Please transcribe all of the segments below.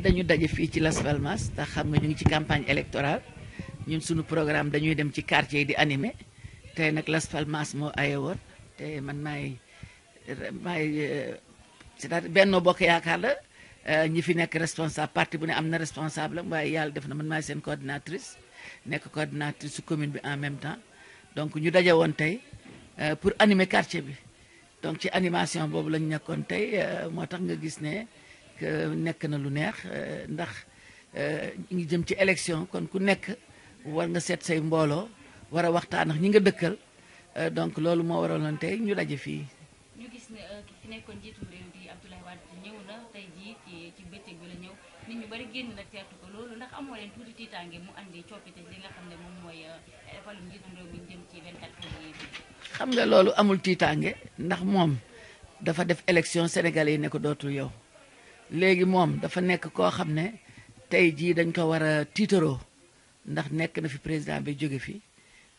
dañu daje fii ci Las Palmas tax xam nga ñu ngi ci campagne électorale ñun suñu programme dañuy dem ci quartier di animé tey nag Las Palmas moo aye woon te man maay maay euh, c'est-à-dire Benno Bokk Yaakaar euh, ñi fi nekk responsable parti bu ne am na responsable am yàlla def na man maay seen coordinatrice nekk coordinatrice su commune bi en même temps donc ñu daje woon tey euh, pour animer quartier bi donc ci animation boobu lañu nekkoon tey moo tax nga gis ne Euh, nekk na lu neex euh, ndax euh, ñu ngi jëm ci élection kon ku nekk war nga seet say mbooloo war a waxtaan ak ñi nga dëkkal donc loolu moo waraloon tey ñu daje fii. ñu gis ne fi nekkoon njiitu réew bi ndax amoo leen tuuti tiitaange mu andi ne moom mooy falum njiitum xam nga loolu amul tiitaange ndax moom dafa def élection sénégal yi ne ko dootul yow. léegi moom dafa nekk koo xam ne tey jii dañ ko war a tiitaroo ndax nekk na fi président bi jóge fi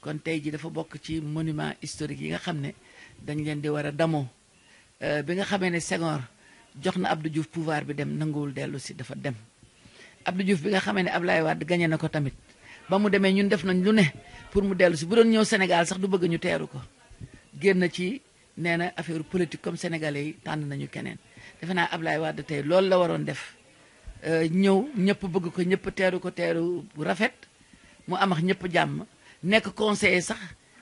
kon tey jii dafa bokk ci monument historique yi nga xam ne dañ leen di war a damoo euh, bi nga xamee ne Senghor jox na Abdou Diouf pouvoir bi dem nanguwul dellu si dafa dem Abdou Diouf bi nga xamee ne Ablaye Wade gañe na ko tamit ba mu demee ñun def nañ lu ne pour mu dellu si bu doon ñëw Sénégal sax du bëgg ñu teeru ko génn ci nee na affaire politique comme sénégalais yi tànn nañu keneen defe naa Ablaye Wade tey loolu la waroon def euh, ñëw ñëpp bëgg ko ñëpp teeru ko teeru bu rafet mu am ak ñëpp jàmm nekk conseiller sax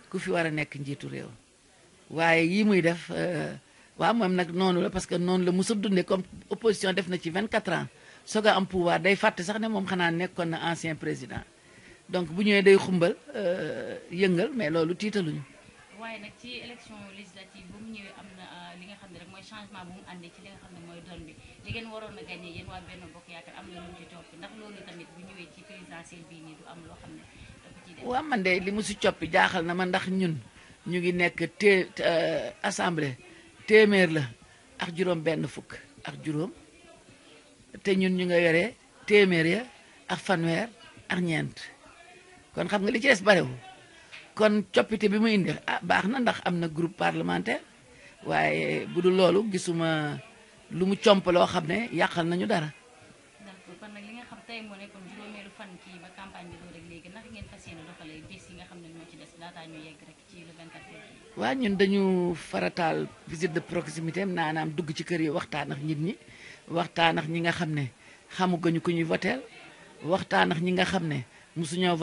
ku fi war a nekk njiitu réew waaye yii muy def euh, waa moom nag noonu la parce que noonu la mu a dundee comme opposition def na ci 24 ans soog a am pouvoir day fàtte sax ne moom xanaa nekkoon na ancien président donc bu ñëwee day xumbal euh, yëngal mais loolu tiitaluñu. waye nak ci élection législative bu mu ñëwé am na euh, li nga xamné rek moy changement bu mu andé ci li nga xamné moy doon bi li gën waro na gagné yeen wa benn bokk yaakaar am na lu ci top ndax loolu tamit bu ñëwé ci présidentiel bi ni du am lo xamné wa da ko ciy man de li mu si jaaxal na ma ndax ñun ñu ngi nekk té euh, assemblée témèr la ak juroom benn fukk ak juroom té ñun ñu nga yore témèr ya ak fanwer ak ñent kon xam nga li ci des barewul kon coppite bi mu indi ah baxna ndax am na groupe parlementaire waye budul lolou gisuma lu mu chomp lo xam ne nañu dara. wa fan ne ñun dañu faratal visite de proximité naanaam dugg ci kër yi waxtaan ak nit ñi waxtaan ak ñi nga ne xamugañu ku ñuy voteel waxtaan ak ñi nga ne mosuñoo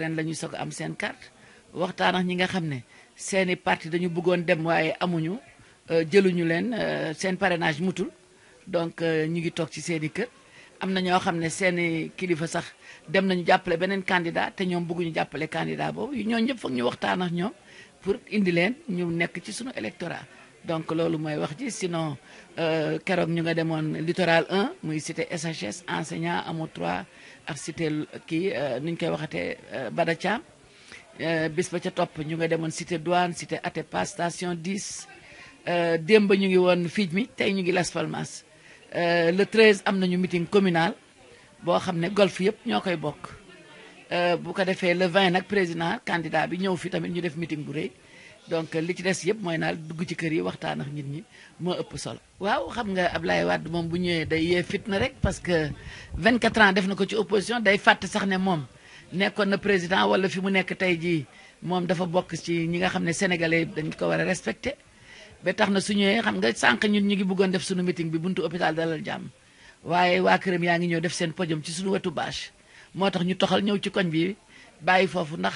ren lañu ñuy am sen carte. waxtaan ak ñi nga xam ne seeni parti dañu buggoon dem waaye amuñu euh, jëluñu leen euh, seen parrainage mutul donc euh, ñu ngi toog ci seeni kër am na ñoo xam ne seeni kilifa sax dem nañu jàppale beneen candidat te ñoom bëgguñu jàppale candidat boobu ñoo ñëpp foog ñu waxtaanax ak ñoom pour indi leen ñu nekk ci suñu électorat donc loolu mooy wax ji sinon keroog ñu nga demoon littoral 1 muy cité SHS enseignant amo troit ak cité kii nuñ koy waxatee Bada Thiam Eh, bis ba ca topp ñu nga demoon cité douane cité Atepa station 10 eh, démb ñu ngi woon fii mi ñu ngi Las Palmas eh, le 13 am nañu meeting communal boo xam golf yep ñoo koy bokk bu ko defee le 20 nag président candidat bi ñëw fi tamit ñu def meeting bu rëy donc li ci des yëpp mooy naal dugg ci kër yi waxtaan ak nit ñi moo ëpp solo. waaw xam nga Ablaye Wade moom bu ñëwee day yee fitna rek parce que 24 ans def na ko ci opposition day fàtte sax ne moom. nekkoon na président wala fi mu nekk tey jii moom dafa bokk ci ñi nga xam ne sénégalais dañ ko war a respecté ba tax na su xam nga sànq ñun ñu ngi buggoon def suñu meeting bi buntu hôpital Dalal Jàmm waaye waa këram yaa ngi ñëw def seen podium ci suñu wetu bâche moo tax ñu toxal ñëw ci koñ bi bàyyi foofu ndax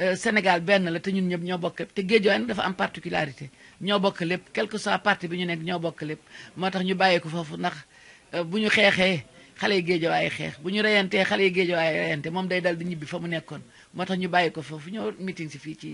euh, Sénégal benn la te ñun ñëpp ñoo bokk te Guédiawaye nag dafa am particularité ñoo bokk lépp quel que soit bi ñu nekk ñoo bokk lépp moo tax ñu bàyyi ko foofu ndax euh, bu ñu xeexee xale yi géejawaay xeex bu ñu reyantee xale yi géejawaay reyante moom day dal di ñibbi fa mu nekkoon moo tax ñu bàyyi ko foofu ñoo meeting fii ci